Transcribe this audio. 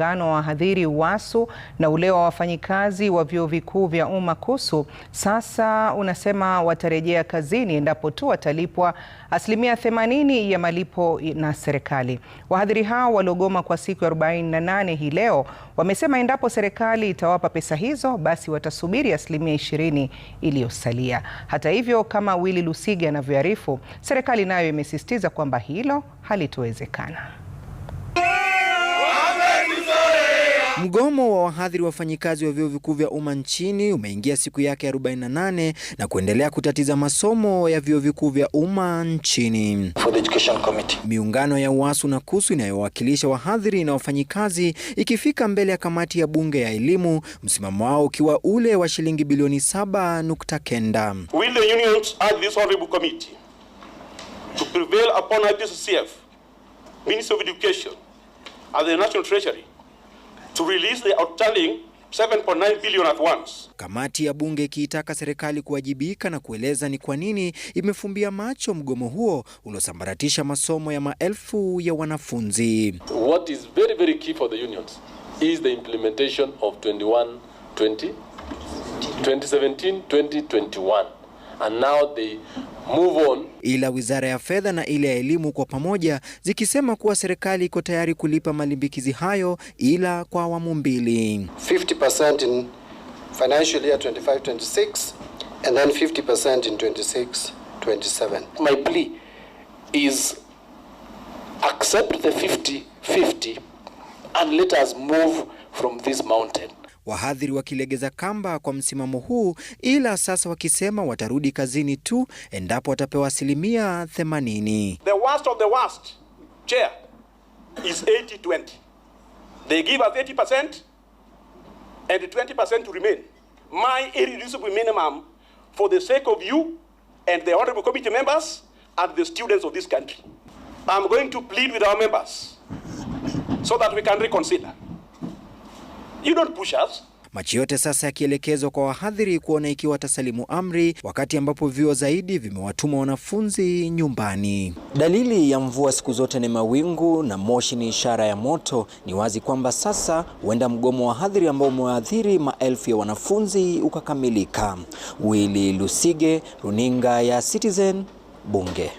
muungano wa wahadhiri UWASU na ule wa wafanyikazi wa vyuo vikuu vya umma KUSU sasa unasema watarejea kazini endapo tu watalipwa asilimia 80 ya malipo na serikali. Wahadhiri hao waliogoma kwa siku 48 hii leo wamesema endapo serikali itawapa pesa hizo, basi watasubiri asilimia 20 iliyosalia. Hata hivyo, kama Willy Lusige anavyoarifu, serikali nayo imesisitiza kwamba hilo halitowezekana. Mgomo wa wahadhiri wafanyikazi wa vyuo vikuu vya umma nchini umeingia siku yake 48 na kuendelea kutatiza masomo ya vyuo vikuu vya umma nchini. Miungano ya UASU na KUSU inayowakilisha wahadhiri na wafanyikazi ikifika mbele ya kamati ya bunge ya elimu, msimamo wao ukiwa ule wa shilingi bilioni 7.9 to Ministry of Education and the National Treasury to release the outstanding 7.9 billion at once. Kamati ya bunge ikiitaka serikali kuwajibika na kueleza ni kwa nini imefumbia macho mgomo huo uliosambaratisha masomo ya maelfu ya wanafunzi. What is very very key for the unions is the implementation of 21 20 2017 2021 and now the move on. Ila wizara ya fedha na ile ya elimu kwa pamoja zikisema kuwa serikali iko tayari kulipa malimbikizi hayo ila kwa awamu mbili, 50% in financial year 25 26 and then 50% in 26 27. My plea is accept the 50 50 and let us move from this mountain. Wahadhiri wakilegeza kamba kwa msimamo huu, ila sasa wakisema watarudi kazini tu endapo watapewa asilimia 80. The worst of the worst, chair, is 80-20. They give us 80% and 20% to remain. My irreducible minimum for the sake of you and the honorable committee members and the students of this country. I'm going to plead with our members so that we can reconsider. You don't push us. yote sasa yakielekezwa kwa wahadhiri kuona ikiwa watasalimu amri, wakati ambapo vyuo zaidi vimewatuma wanafunzi nyumbani. Dalili ya mvua siku zote ni mawingu na moshi ni ishara ya moto. Ni wazi kwamba sasa huenda mgomo wa wahadhiri ambao umewaathiri maelfu ya wanafunzi ukakamilika. Willy Lusige, runinga ya Citizen, Bunge.